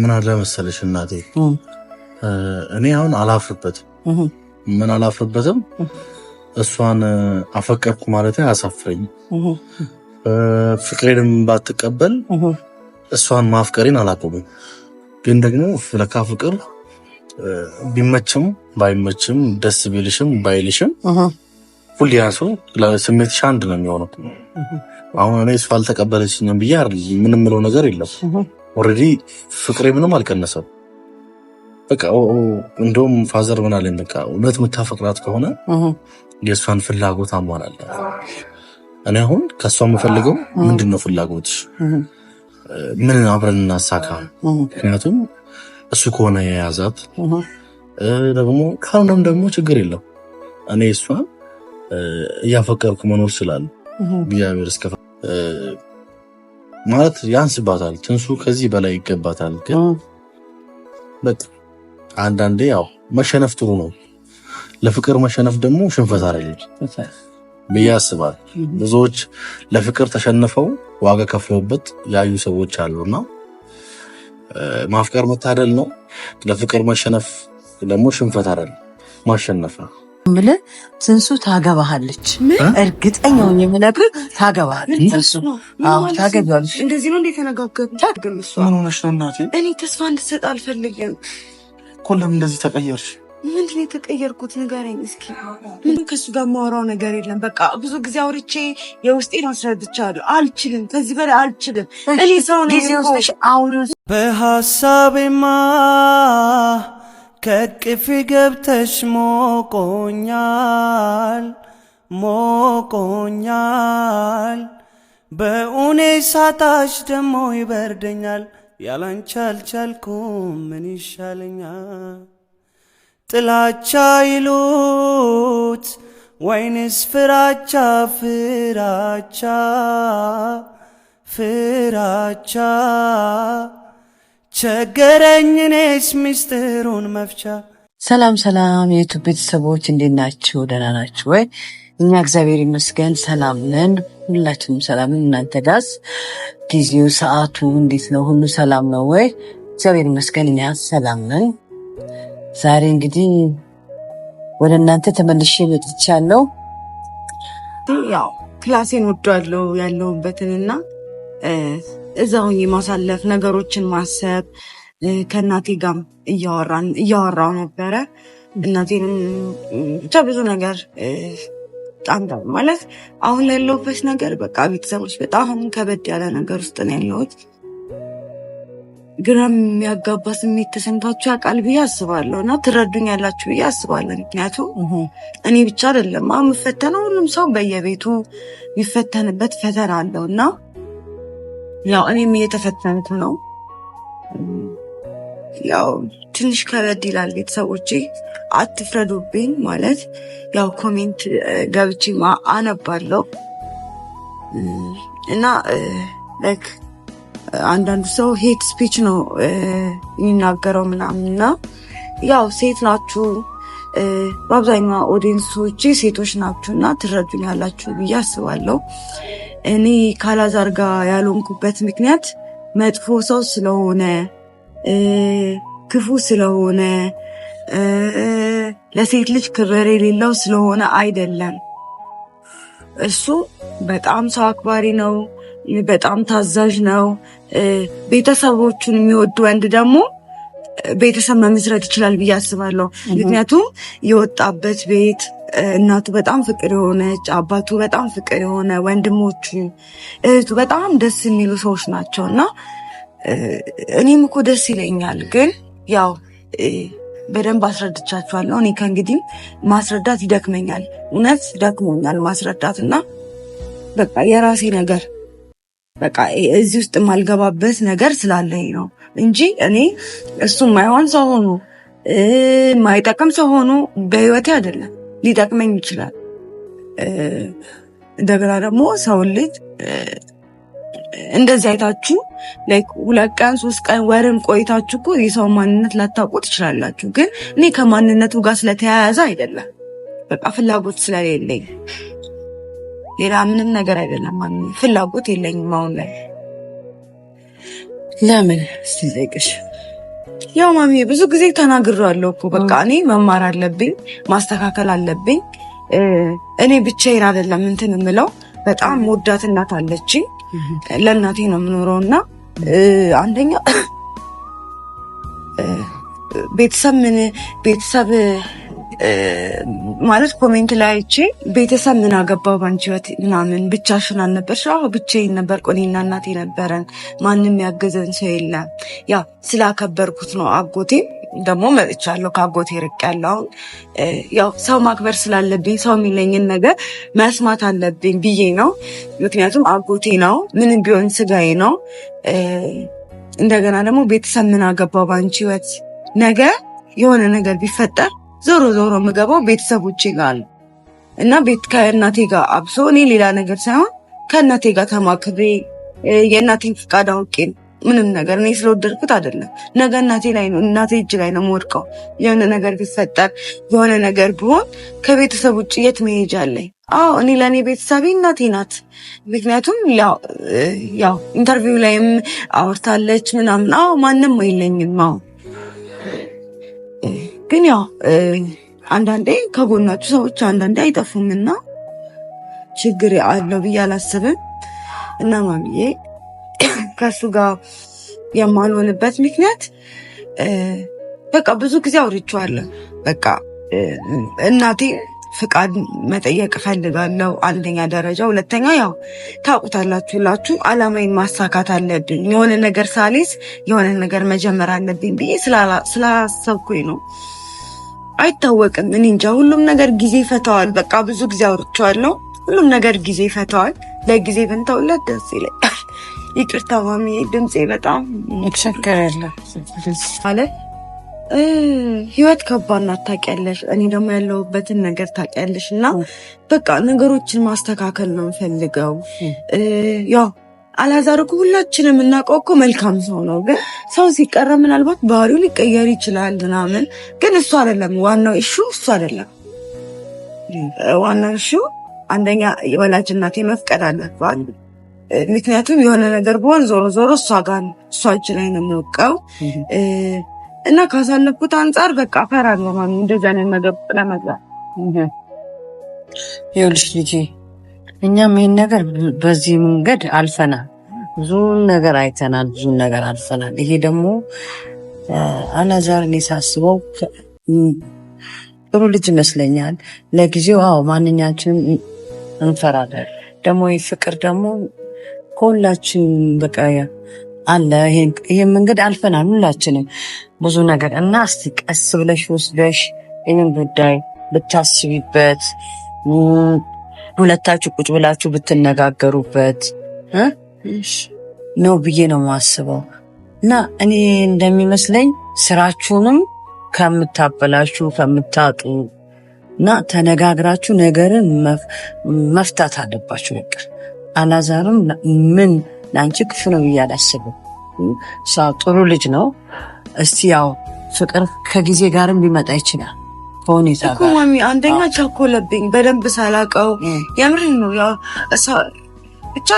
ምን አለ መሰለሽ እናቴ፣ እኔ አሁን አላፍርበትም። ምን አላፍርበትም፣ እሷን አፈቀርኩ ማለት አያሳፍረኝ። ፍቅሬንም ባትቀበል እሷን ማፍቀሬን አላቆምም። ግን ደግሞ ለካ ፍቅር ቢመችም ባይመችም ደስ ቢልሽም ባይልሽም ሁሌ ያሱ ሰው ስሜትሽ አንድ ነው የሚሆነው። አሁን እኔ እሷ አልተቀበለችኝም ብዬ ምንም ምለው ነገር የለም ኦልሬዲ ፍቅሬ ምንም አልቀነሰም። በቃ እንደውም ፋዘር ምን አለኝ፣ በቃ እውነት የምታፈቅራት ከሆነ የእሷን ፍላጎት አሟላለ። እኔ አሁን ከእሷ የምፈልገው ምንድን ነው ፍላጎት፣ ምን አብረን እናሳካ። ምክንያቱም እሱ ከሆነ የያዛት ደግሞ ካልሆነም ደግሞ ችግር የለው እኔ እሷን እያፈቀርኩ መኖር ስላለ እግዚአብሔር እስከፋ ማለት ያንስባታል። ትንሱ ከዚህ በላይ ይገባታል። ግን በቃ አንዳንዴ ያው መሸነፍ ጥሩ ነው። ለፍቅር መሸነፍ ደግሞ ሽንፈት አይደለም ብዬ አስባል። ብዙዎች ለፍቅር ተሸንፈው ዋጋ ከፍለውበት ያዩ ሰዎች አሉና ማፍቀር መታደል ነው። ለፍቅር መሸነፍ ደግሞ ሽንፈት አይደለም ማሸነፍ የምልህ ስንሱ ታገባሃለች። እርግጠኛ ሆኜ የምነግርህ ታገባሃለች። ታገቢዋለች። እንደዚህ ነው ምን ሆነሽ ነው እናቴ? እኔ ተስፋ እንድትሰጥ አልፈልግም እኮ። ለምን እንደዚህ ተቀየርሽ? ምንድን የተቀየርኩት ንገረኝ እስኪ። ከሱ ጋር የማወራው ነገር የለም። በቃ ብዙ ጊዜ አውርቼ የውስጤን አስረድቻለሁ። አልችልም፣ ከዚህ በላይ አልችልም። እኔ ሰው በሀሳቤማ ከእቅፊ ገብተሽ ሞቆኛል ሞቆኛል በእኔ ሳታሽ ደሞ ይበርደኛል ያላንቺ አልቻልኩም ምን ይሻለኛል ጥላቻ ይሉት ወይንስ ፍራቻ ፍራቻ ፍራቻ ቸገረኝ እኔስ ሚስጥሩን መፍቻ። ሰላም ሰላም የዩቱብ ቤተሰቦች እንዴት ናችሁ? ደህና ናችሁ ወይ? እኛ እግዚአብሔር ይመስገን ሰላም ነን። ሁላችንም ሰላም ነን። እናንተ ጋስ ጊዜው ሰዓቱ እንዴት ነው? ሁሉ ሰላም ነው ወይ? እግዚአብሔር ይመስገን እኛ ሰላም ነን። ዛሬ እንግዲህ ወደ እናንተ ተመልሼ መጥቻለሁ። ያው ክላሴን ወዷለሁ ያለሁበትንና እዛው ማሳለፍ ነገሮችን ማሰብ ከእናቴ ጋም እያወራው ነበረ። እናቴንም ብቻ ብዙ ነገር በጣም ማለት አሁን ላለሁበት ነገር በቃ ቤተሰቦች በጣም ከበድ ያለ ነገር ውስጥ ነው ያለሁት። ግራ የሚያጋባ ስሜት ተሰምታችሁ ያውቃል ብዬ አስባለሁ እና ትረዱኝ ያላችሁ ብዬ አስባለሁ። ምክንያቱም እኔ ብቻ አይደለም የምፈተነው ሁሉም ሰው በየቤቱ የሚፈተንበት ፈተና አለው እና ያው እኔም እየተፈተንኩ ነው። ያው ትንሽ ከበድ ይላል። ቤተሰቦቼ አትፍረዱብኝ ማለት ያው ኮሜንት ገብቼ አነባለሁ እና ላይክ አንዳንዱ ሰው ሄት ስፒች ነው የሚናገረው ምናምን እና ያው ሴት ናችሁ በአብዛኛው ኦዲየንሶቼ ሴቶች ናችሁ እና ትረዱኝ ያላችሁ ብዬ አስባለሁ። እኔ ካላዛር ጋር ያልሆንኩበት ምክንያት መጥፎ ሰው ስለሆነ ክፉ ስለሆነ ለሴት ልጅ ክብር የሌለው ስለሆነ አይደለም። እሱ በጣም ሰው አክባሪ ነው፣ በጣም ታዛዥ ነው። ቤተሰቦቹን የሚወድ ወንድ ደግሞ ቤተሰብ መመስረት ይችላል ብዬ አስባለሁ። ምክንያቱም የወጣበት ቤት እናቱ በጣም ፍቅር የሆነች፣ አባቱ በጣም ፍቅር የሆነ፣ ወንድሞቹ፣ እህቱ በጣም ደስ የሚሉ ሰዎች ናቸው እና እኔም እኮ ደስ ይለኛል። ግን ያው በደንብ አስረድቻችኋለሁ። እኔ ከእንግዲህም ማስረዳት ይደክመኛል፣ እውነት ደክሞኛል ማስረዳት እና በቃ የራሴ ነገር በቃ እዚህ ውስጥ የማልገባበት ነገር ስላለኝ ነው እንጂ እኔ እሱ ማይሆን ሰው ሆኖ ማይጠቅም ሰው ሆኖ በህይወቴ አይደለም ሊጠቅመኝ ይችላል። እንደገና ደግሞ ሰውን ልጅ እንደዚህ አይታችሁ ሁለት ቀን ሶስት ቀን ወርም ቆይታችሁ እኮ የሰው ማንነት ላታውቁ ትችላላችሁ። ግን እኔ ከማንነቱ ጋር ስለተያያዘ አይደለም፣ በቃ ፍላጎት ስለሌለኝ ሌላ ምንም ነገር አይደለም። ፍላጎት የለኝም አሁን ላይ ለምን ስጠይቅሽ ያው ማሚ ብዙ ጊዜ ተናግሬዋለሁ እኮ በቃ እኔ መማር አለብኝ፣ ማስተካከል አለብኝ። እኔ ብቻዬን አይደለም እንትን የምለው በጣም ወዳት እናት አለች። ለእናቴ ነው የምኖረው እና አንደኛ ቤተሰብ ምን ቤተሰብ ማለት ኮሜንት ላይ አይቼ ቤተሰብ ምን አገባው ባንቺ ህይወት ምናምን ብቻሽን አልነበርሽ? አዎ ብቻዬን ነበር እኔና እናቴ ነበረን። ማንም ያገዘን ሰው የለም። ያ ስላከበርኩት ነው። አጎቴ ደግሞ መጥቻለሁ፣ ከአጎቴ ርቄያለሁ። ያው ሰው ማክበር ስላለብኝ ሰው የሚለኝን ነገር መስማት አለብኝ ብዬ ነው። ምክንያቱም አጎቴ ነው፣ ምንም ቢሆን ስጋዬ ነው። እንደገና ደግሞ ቤተሰብ ምን አገባው ባንቺ ህይወት ነገ የሆነ ነገር ቢፈጠር ዞሮ ዞሮ የምገባው ቤተሰቦቼ ጋር ነው እና ቤት ከእናቴ ጋር አብሶ እኔ ሌላ ነገር ሳይሆን ከእናቴ ጋር ተማክሬ የእናቴን ፍቃድ አውቄ ምንም ነገር እኔ ስለወደድኩት አይደለም። ነገ እናቴ ላይ ነው እናቴ እጅ ላይ ነው የምወድቀው። የሆነ ነገር ቢፈጠር የሆነ ነገር ቢሆን ከቤተሰብ ውጭ የት መሄጃ አለኝ? አዎ እኔ ለእኔ ቤተሰቤ እናቴ ናት። ምክንያቱም ያው ኢንተርቪው ላይም አውርታለች ምናምን። አዎ ማንም የለኝም አዎ ግን ያው አንዳንዴ ከጎናችሁ ሰዎች አንዳንዴ አይጠፉም እና ችግር አለው ብዬ አላስብም እና ማሚዬ ከእሱ ጋር የማልሆንበት ምክንያት በቃ ብዙ ጊዜ አውርቼዋለሁ። በቃ እናቴ ፍቃድ መጠየቅ እፈልጋለሁ። አንደኛ ደረጃ፣ ሁለተኛ ያው ታውቁታላችሁ ላችሁ አላማዬን ማሳካት አለብኝ። የሆነ ነገር ሳሊስ የሆነ ነገር መጀመር አለብኝ ብዬ ስላሰብኩኝ ነው። አይታወቅም፣ እኔ እንጃ። ሁሉም ነገር ጊዜ ይፈተዋል። በቃ ብዙ ጊዜ አውርቼዋለሁ። ሁሉም ነገር ጊዜ ይፈተዋል። ለጊዜ ብንተውለት ደስ ይለኛል። ይቅርታ ማሚ፣ ድምፄ በጣም ይሸከራለ አለ ህይወት ከባድ ናት ታውቂያለሽ። እኔ ደግሞ ያለሁበትን ነገር ታውቂያለሽ። እና በቃ ነገሮችን ማስተካከል ነው የምፈልገው። ያው አላዛር እኮ ሁላችንም እናውቀው እኮ መልካም ሰው ነው፣ ግን ሰው ሲቀረብ ምናልባት ባህሪው ሊቀየር ይችላል ምናምን፣ ግን እሱ አይደለም ዋናው እሹ፣ እሱ አይደለም ዋናው እሹ። አንደኛ የወላጅ እናቴ መፍቀድ አለባት። ምክንያቱም የሆነ ነገር ቢሆን ዞሮ ዞሮ እሷ ጋር እሷ እጅ ላይ ነው የሚወቀው እና ካሳለፍኩት አንጻር በቃ እፈራለሁ ማለት እንደዚህ አይነት ነገር ለመግባት። ይኸውልሽ ልጄ እኛም ይህን ነገር በዚህ መንገድ አልፈናል። ብዙ ነገር አይተናል፣ ብዙ ነገር አልፈናል። ይሄ ደግሞ አላዛር እኔ ሳስበው ጥሩ ልጅ ይመስለኛል። ለጊዜው አዎ ማንኛችንም እንፈራለን። ደግሞ ይህ ፍቅር ደግሞ ከሁላችን በቃ አለ ይህ መንገድ አልፈናል ሁላችንም ብዙ ነገር እና እስቲ ቀስ ብለሽ ወስደሽ ይህን ጉዳይ ብታስቢበት፣ ሁለታችሁ ቁጭ ብላችሁ ብትነጋገሩበት ነው ብዬ ነው የማስበው። እና እኔ እንደሚመስለኝ ስራችሁንም ከምታበላችሁ ከምታጡ እና ተነጋግራችሁ ነገርን መፍታት አለባችሁ። በቃ አላዛርም ምን ለአንቺ ክፉ ነው ብዬ አላስብም። ጥሩ ልጅ ነው። እስቲ ያው ፍቅር ከጊዜ ጋርም ሊመጣ ይችላል። ከሁኔታ ጋር ማሚ አንደኛ ቸኮለብኝ በደንብ ሳላቀው የምር ነው ብቻ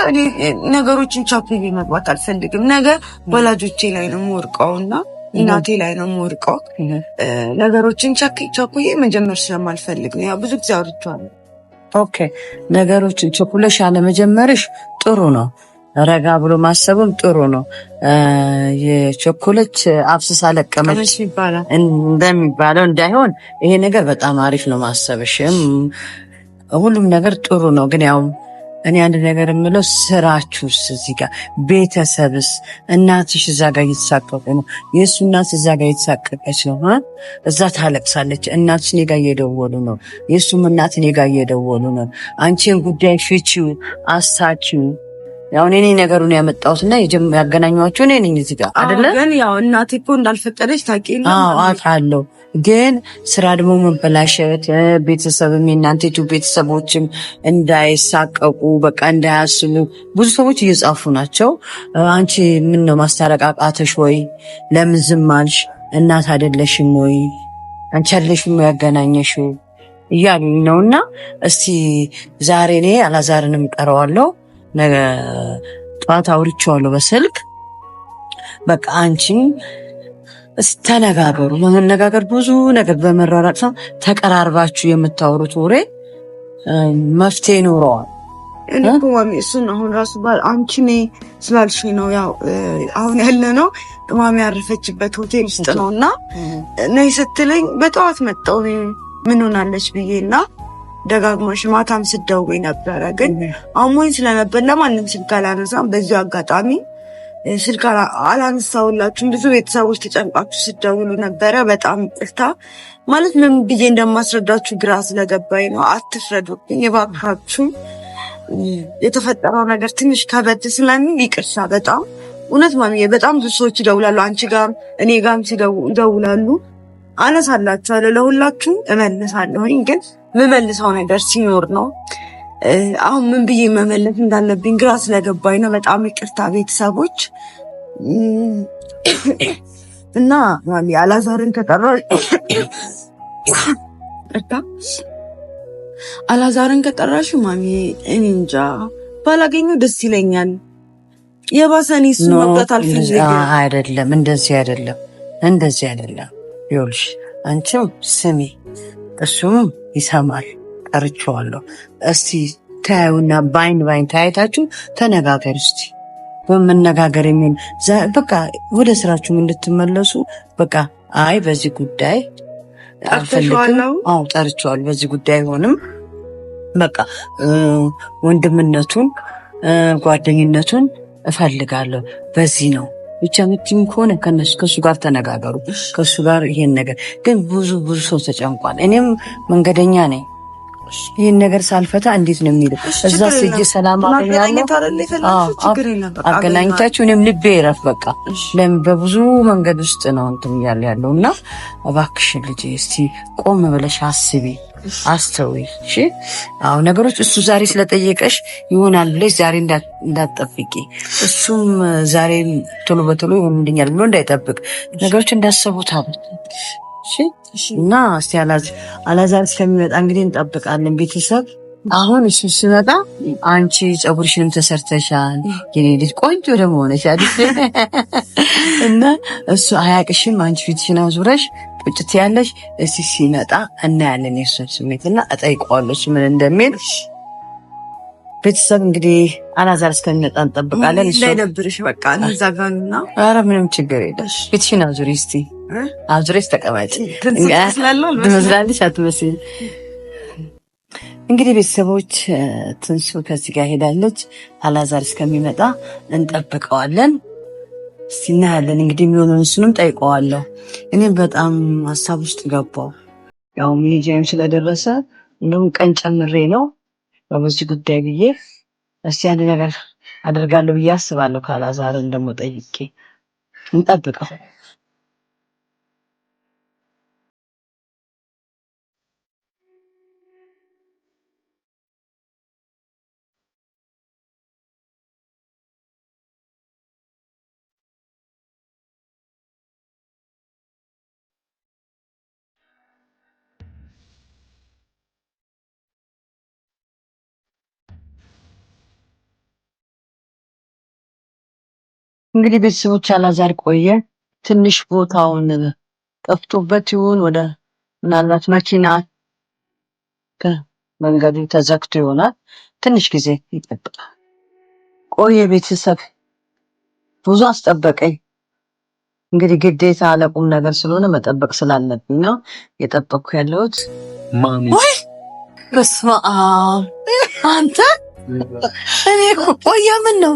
ነገሮችን ቻኩዬ መግባት አልፈልግም። ነገር ወላጆቼ ላይ ነው የምወርቀው እና እናቴ ላይ ነው የምወርቀው። ነገሮችን ቻኩዬ መጀመር ስለማልፈልግ ነው። ያው ብዙ ጊዜ አውርቼዋለሁ። ኦኬ ነገሮችን ቸኩለሽ አለመጀመርሽ ጥሩ ነው። ረጋ ብሎ ማሰብም ጥሩ ነው። የቸኮለች አፍስሳ ለቀመች እንደሚባለው እንዳይሆን ይሄ ነገር በጣም አሪፍ ነው። ማሰብሽም ሁሉም ነገር ጥሩ ነው። ግን ያው እኔ አንድ ነገር የምለው ስራችሁስ፣ እዚህ ጋር ቤተሰብስ፣ እናትሽ እዛ ጋር እየተሳቀቁ ነው። የእሱ እናት እዛ ጋር እየተሳቀቀች ነው፣ እዛ ታለቅሳለች። እናትሽ እኔ ጋር እየደወሉ ነው፣ የእሱም እናት እኔ ጋር እየደወሉ ነው። አንቺን ጉዳይ ፍቺው፣ አሳችው አሁን እኔ ነገሩን ያመጣሁት እና ያገናኘኋቸው እኔ ነኝ እዚህ ጋር አይደለ። ግን ያው እናቴ እኮ እንዳልፈቀደች ታውቂያለሽ። አዎ አውቃለሁ። ግን ስራ ደግሞ መበላሸት ቤተሰብም የእናንተ ቱ ቤተሰቦችም እንዳይሳቀቁ በቃ እንዳያስሉ ብዙ ሰዎች እየጻፉ ናቸው። አንቺ ምን ነው ማስታረቃቃተሽ ወይ ለምን ዝም አልሽ? እናት አይደለሽም ወይ አንቺ አይደለሽም ያገናኘሽው እያሉኝ ነው። እና እስቲ ዛሬ እኔ አላዛርንም እጠራዋለሁ ጠዋት አውርቼዋለሁ በስልክ በቃ አንቺም ተነጋገሩ በመነጋገር ብዙ ነገር በመራራቅ ሰው ተቀራርባችሁ የምታወሩት ወሬ መፍትሄ ይኖረዋል። እኔ ማሚ እሱን አሁን ራሱ ባል አንቺ እኔ ስላልሽ ነው ያው አሁን ያለ ነው ማሚ ያረፈችበት ሆቴል ውስጥ ነው እና ነይ ስትለኝ በጠዋት መጣው ምን ሆናለች ብዬ እና ደጋግመሽ ማታም ስደውይ ነበረ፣ ግን አሞኝ ስለነበር ለማንም ስልክ አላነሳም። በዚሁ አጋጣሚ ስልክ አላነሳውላችሁም። ብዙ ቤተሰቦች ተጨንቃችሁ ስደውሉ ነበረ። በጣም ይቅርታ። ማለት ምን ብዬ እንደማስረዳችሁ ግራ ስለገባኝ ነው። አትፍረዱብኝ የባካችሁ። የተፈጠረው ነገር ትንሽ ከበድ ስለሚል ይቅርታ በጣም እውነት ማሚዬ፣ በጣም ብዙ ሰዎች ይደውላሉ። አንቺ ጋር እኔ ጋም ሲደውላሉ አነሳላችኋለሁ፣ ለሁላችሁም እመልሳለሁኝ ግን የምመልሰው ነገር ሲኖር ነው። አሁን ምን ብዬ መመለስ እንዳለብኝ ግራ ስለገባኝ ነው። በጣም ይቅርታ ቤተሰቦች እና አላዛርን ከጠራ አላዛርን ከጠራሽ ማሚ እኔ እንጃ ባላገኙ ደስ ይለኛል። የባሰኔ ሱ መብረት አልፈልግም። አይደለም እንደዚህ አይደለም እንደዚህ አይደለም። ይኸውልሽ አንቺም ስሜ እሱም ይሰማል። ጠርቼዋለሁ። እስቲ ተያዩና በአይን በአይን ተያይታችሁ ተነጋገር እስቲ በመነጋገር የሚሆን በቃ ወደ ስራችሁ እንድትመለሱ በቃ አይ በዚህ ጉዳይ አልፈልግም። ጠርቼዋለሁ። በዚህ ጉዳይ አይሆንም። በቃ ወንድምነቱን ጓደኝነቱን እፈልጋለሁ። በዚህ ነው ብቻ የምትይኝ ከሆነ ከሱ ጋር ተነጋገሩ። ከሱ ጋር ይሄን ነገር ግን ብዙ ብዙ ሰው ተጨንቋል። እኔም መንገደኛ ነኝ። ይህን ነገር ሳልፈታ እንዴት ነው የሚለው? እዛ ስጅ ሰላም አገናኝታችሁ እኔም ልቤ ይረፍ። በቃ ለምን በብዙ መንገድ ውስጥ ነው እንትን እያለ ያለው እና እባክሽን ልጄ እስቲ ቆም ብለሽ አስቤ አስተውይ። እሺ፣ አዎ፣ ነገሮች እሱ ዛሬ ስለጠየቀሽ ይሆናል ብለሽ ዛሬ እንዳትጠብቂ፣ እሱም ዛሬ ቶሎ በቶሎ ይሆንልኛል ብሎ እንዳይጠብቅ ነገሮች እንዳሰቡት አሉ። እና እስቲ አላዛር እስከሚመጣ እንግዲህ እንጠብቃለን ቤተሰብ። አሁን እሱ ሲመጣ አንቺ ፀጉርሽንም ተሰርተሻል፣ የኔ ልጅ ቆንጆ ደግሞ ሆነሻል እና እሱ አያቅሽም። አንቺ ፊትሽን አዙረሽ ቁጭት ያለሽ እሲ ሲመጣ እናያለን የእሱን ስሜት እና እጠይቀዋለች ምን እንደሚል። ቤተሰብ እንግዲህ አላዛር እስከሚመጣ እንጠብቃለን። እንዳይደብርሽ በቃ እዛ ጋር ኧረ ምንም ችግር የለሽ። ቤትሽን አዙሪ እስኪ አዙሬስ ተቀማጭ ትመስላለች አትመስል። እንግዲህ ቤተሰቦች ትንሱ ከዚህ ጋር ሄዳለች። አላዛር እስከሚመጣ እንጠብቀዋለን። ሲናያለን እንግዲህ የሚሆነውን እሱንም ጠይቀዋለሁ። እኔም በጣም ሀሳብ ውስጥ ገባው። ያው መሄጃም ስለደረሰ እንደውም ቀን ጨምሬ ነው በዚህ ጉዳይ ብዬ እስቲ አንድ ነገር አደርጋለሁ ብዬ አስባለሁ። ካላዛርን ደግሞ ጠይቄ እንጠብቀው። እንግዲህ ቤተሰቦች አላዛር ቆየ ትንሽ ቦታውን ጠፍቶበት ይሁን ወደ ምናልባት መኪና መንገዱ ተዘግቶ ይሆናል። ትንሽ ጊዜ ይጠብቃል። ቆየ ቤተሰብ ብዙ አስጠበቀኝ። እንግዲህ ግዴታ ለቁም ነገር ስለሆነ መጠበቅ ስላለብኝ ነው የጠበቅኩ ያለሁት። ወይ በስመ አብ አንተ እኔ ቆየ ምን ነው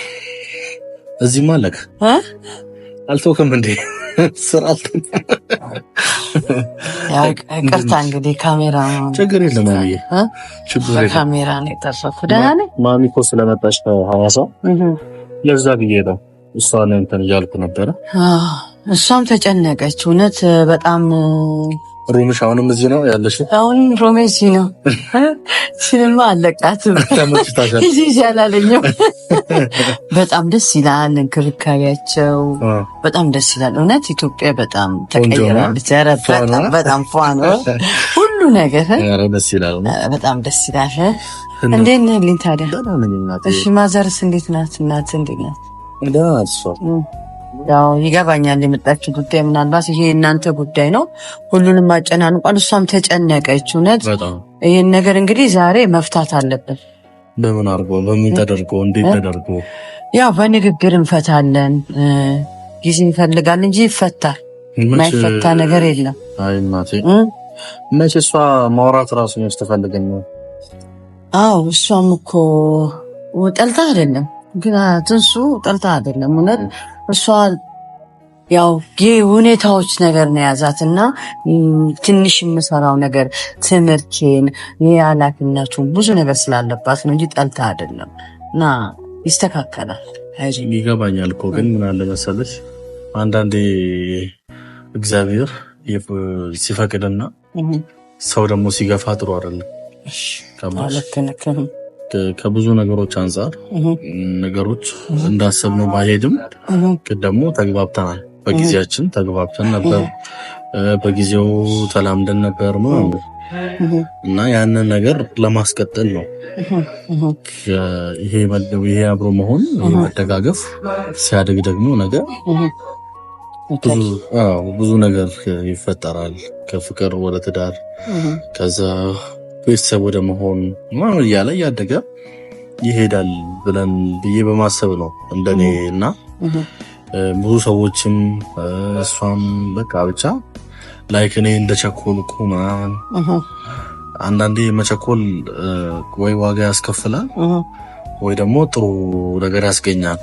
እዚህ ማለክ አልተውክም እንዴ? ስራ ቅርታ፣ እንግዲህ ካሜራ ችግር የለም ካሜራ ነው የጠረኩት። ደህና ነኝ ማሚ እኮ ስለመጣች ከሐዋሳ ለዛ ብዬ ነው እሷን እንትን እያልኩ ነበረ። እሷም ተጨነቀች እውነት በጣም ሩምሽ አሁንም እዚህ ነው ያለሽ? አሁን ሮሜ እዚህ ነው። ሲኒማ አለቃትም እዚህ ያላለኝም በጣም ደስ ይላል። እንክብካቤያቸው በጣም ደስ ይላል። እውነት ኢትዮጵያ በጣም ተቀይራለች። በጣም ፏ ነው ሁሉ ነገር ደስ ይላል። በጣም ደስ ይላል። እንዴት ነህ ልኝ ታዲያ? እሺ ማዘርስ እንዴት ናት? እናት እንዴት ናት? ደህና ናት እሷ ያው ይገባኛል የመጣችው ጉዳይ ምናልባት ይሄ እናንተ ጉዳይ ነው። ሁሉንም አጨናንቋል። እሷም ተጨነቀች። እውነት ይህን ነገር እንግዲህ ዛሬ መፍታት አለብን። በምን አድርጎ በምን ተደርጎ እንዴት ተደርጎ ያው በንግግር እንፈታለን። ጊዜ ይፈልጋል እንጂ ይፈታል። ማይፈታ ነገር የለም። መቼ እሷ ማውራት ራሱ ያስተፈልገኝ ነው። አዎ እሷም እኮ ጠልታ አይደለም ግን ትንሱ ጠልታ አይደለም እውነት እሷ ያው የሁኔታዎች ነገር ነው የያዛት እና ትንሽ የምሰራው ነገር ትምህርቴን፣ የኃላፊነቱን ብዙ ነገር ስላለባት ነው እንጂ ጠልታ አይደለም። እና ይስተካከላል። ይገባኛል እኮ ግን ምን አለ መሰለሽ አንዳንዴ እግዚአብሔር ሲፈቅድና ሰው ደግሞ ሲገፋ ጥሩ አይደለም። ከብዙ ነገሮች አንጻር ነገሮች እንዳሰብነው ባይሄድም ግን ደግሞ ተግባብተናል። በጊዜያችን ተግባብተን ነበር፣ በጊዜው ተላምደን ነበር ምናምን እና ያንን ነገር ለማስቀጠል ነው። ይሄ ይሄ አብሮ መሆን መደጋገፍ ሲያድግ ደግሞ ነገር ብዙ ነገር ይፈጠራል። ከፍቅር ወደ ትዳር ከዛ ቤተሰብ ወደ መሆን ምናምን እያለ እያደገ ይሄዳል ብለን ብዬ በማሰብ ነው እንደኔ እና ብዙ ሰዎችም እሷም በቃ ብቻ ላይክ እኔ እንደ ቸኮል ምናምን አንዳንዴ መቸኮል ወይ ዋጋ ያስከፍላል ወይ ደግሞ ጥሩ ነገር ያስገኛል።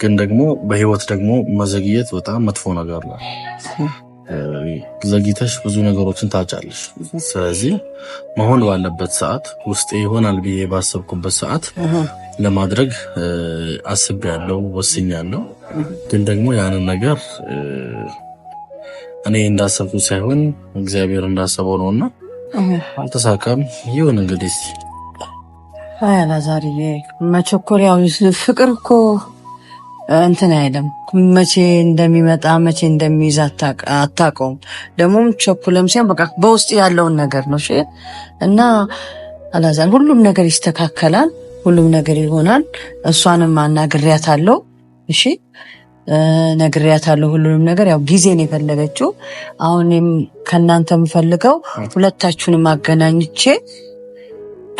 ግን ደግሞ በህይወት ደግሞ መዘግየት በጣም መጥፎ ነገር ነው። ዘግይተሽ ብዙ ነገሮችን ታጫለሽ። ስለዚህ መሆን ባለበት ሰዓት ውስጤ ይሆናል ብዬ ባሰብኩበት ሰዓት ለማድረግ አስቤያለሁ፣ ወስኛለሁ። ግን ደግሞ ያንን ነገር እኔ እንዳሰብኩት ሳይሆን እግዚአብሔር እንዳሰበው ነውና አልተሳካም። ይሁን እንግዲህ አላዛርዬ መቸኮሪያው ፍቅር እኮ እንትን አይልም። መቼ እንደሚመጣ መቼ እንደሚይዝ አታውቀውም። ደግሞም ቸኩለም ሲሆን በቃ በውስጥ ያለውን ነገር ነው እና አላዛን ሁሉም ነገር ይስተካከላል፣ ሁሉም ነገር ይሆናል። እሷንም አናግሬያታለሁ። እሺ ነግሬያታለሁ ሁሉንም ነገር። ያው ጊዜን የፈለገችው አሁንም ከእናንተ የምፈልገው ሁለታችሁን ማገናኝቼ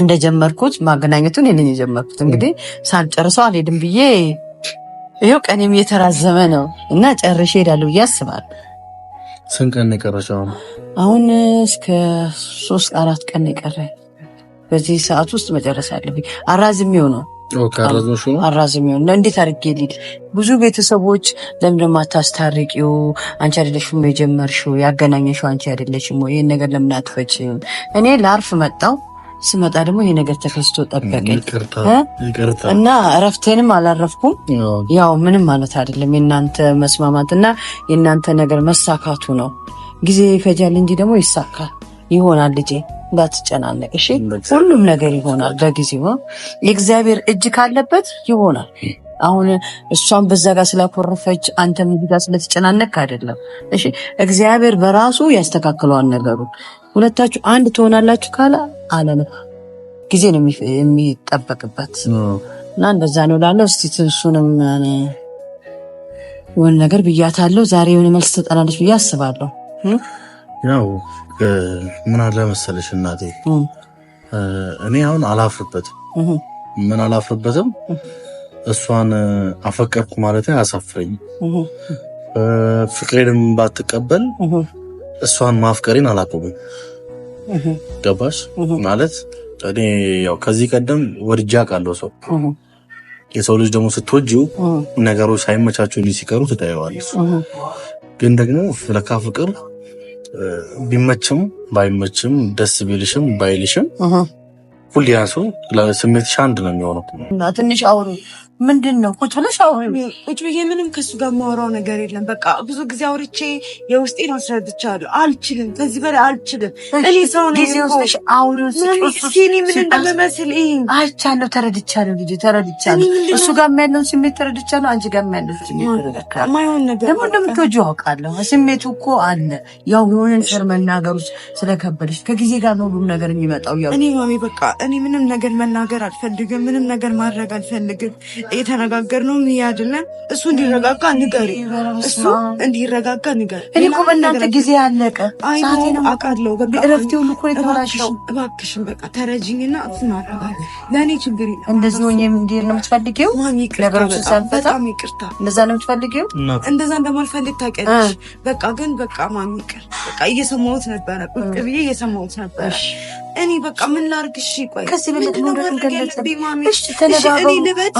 እንደጀመርኩት ማገናኘቱን ይህንን የጀመርኩት እንግዲህ ሳልጨርሰው አልሄድም ብዬ ይኸው ቀኔም እየተራዘመ ነው እና ጨርሼ እሄዳለሁ ብዬ አስባለሁ። ስንት ቀን የቀረሽው? አሁን እስከ ሶስት አራት ቀን የቀረ በዚህ ሰዓት ውስጥ መጨረስ አለብኝ። አራዝሜው ነው አራዝሜው ነው። እንዴት አድርጌ ልሂድ? ብዙ ቤተሰቦች ለምንድን አታስታርቂው? አንቺ አይደለሽም የጀመርሽው፣ ያገናኘሽው አንቺ አይደለሽም? ይህን ነገር ለምን አትፈችም? እኔ ላርፍ መጣው ስመጣ ደግሞ ይሄ ነገር ተከስቶ ጠበቀኝ እና እረፍቴንም አላረፍኩም። ያው ምንም ማለት አይደለም የእናንተ መስማማት እና የእናንተ ነገር መሳካቱ ነው። ጊዜ ይፈጃል እንጂ ደግሞ ይሳካል ይሆናል። ልጄ እንዳትጨናነቅ እሺ። ሁሉም ነገር ይሆናል በጊዜው። የእግዚአብሔር እጅ ካለበት ይሆናል። አሁን እሷን በዛ ጋር ስለኮረፈች አንተም እዚህ ጋር ስለተጨናነቅ አይደለም። እሺ፣ እግዚአብሔር በራሱ ያስተካክለዋል ነገሩ። ሁለታችሁ አንድ ትሆናላችሁ ካላ ነው ጊዜ ነው የሚጠበቅበት እና እንደዛ ነው ላለው። እስቲ ትንሱንም የሆነ ነገር ብያታለሁ። ዛሬ የሆነ መልስ ተጠናለች ብዬ አስባለሁ። ያው ምን አለ መሰለሽ እናቴ፣ እኔ አሁን አላፍርበትም። ምን አላፍርበትም፣ እሷን አፈቀርኩ ማለት አያሳፍረኝ። ፍቅሬንም ባትቀበል እሷን ማፍቀሬን አላቆምም። ገባሽ ማለት እኔ ያው ከዚህ ቀደም ወድጃ ቃለው ሰው የሰው ልጅ ደግሞ ስትወጂው ነገሮች ሳይመቻቸው እንዲህ ሲቀሩ ትታየዋለች። ግን ደግሞ ለካ ፍቅር ቢመችም ባይመችም ደስ ቢልሽም ባይልሽም ሁሌ ያ ሰው ስሜትሽ አንድ ነው የሚሆነው። ትንሽ አሁን ምንድን ነው ቁጭ ብለሽ አውሪ። ቁጭ ብዬ ምንም ከሱ ጋር የማወራው ነገር የለም። በቃ ብዙ ጊዜ አውርቼ የውስጤ ነው አስረድቻለሁ። አልችልም፣ ከዚህ በላይ አልችልም። እኔ ሰው ነኝ እኮ እኔ ምን እንደምመስል አይቻለሁ፣ ተረድቻለሁ። ልጅ ተረድቻለሁ፣ እሱ ጋር ያለውን ስሜት ተረድቻለሁ። አንቺ ጋር ያለውን ስሜት ደግሞ እንደምትወጂው አውቃለሁ። ስሜቱ እኮ አለ። ያው የሆነ ነገር መናገሩ ስለከበደሽ ከጊዜ ጋር ነው ሁሉም ነገር የሚመጣው። ያው እኔ ማሚ በቃ እኔ ምንም ነገር መናገር አልፈልግም፣ ምንም ነገር ማድረግ አልፈልግም። ነው ምን አይደለም። እሱ እንዲረጋጋ ንገሪ፣ እሱ እንዲረጋጋ ንገሪ። እኔ እኮ በእናንተ ጊዜ ያለቀ አቃለው እረፍቴ ሁሉ እኮ የተበላሸው። እባክሽን በቃ ተረጅኝና ትናረጋለ ለእኔ ችግር እንደዚህ ሆኜ እንዲሄድ ነው የምትፈልጊው? ነገሮችን ሳንፈታ ይቅርታ፣ እንደዛ ነው የምትፈልጊው? እንደዛ እንደማልፈልግ ታውቂያለሽ። በቃ ግን በቃ ማሚ ይቅር። በቃ እየሰማሁት ነበረ፣ ቁጭ ብዬ እየሰማሁት ነበረ እኔ በቃ ምን ላድርግ? እሺ ቆይ ከዚህ በለጥ ነው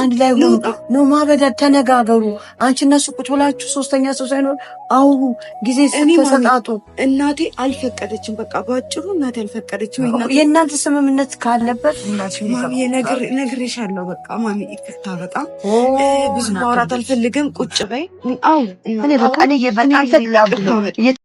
አንድ ላይ ሆኖ ነው ማበዳት ተነጋገሩ። አንቺ እነሱ ቁጭ ብላችሁ ሶስተኛ ሰው ሳይኖር አውሩ፣ ጊዜ ተሰጣጡ። እናቴ አልፈቀደችም። በቃ ባጭሩ እናቴ አልፈቀደችም። የእናንተ ስምምነት ካለበት ማሚዬ ነግሬሻለሁ። በቃ ማሚ ይቅርታ፣ በጣም ብዙ ማውራት አልፈልግም። ቁጭ በይ። አዎ እኔ በቃ እኔ በጣም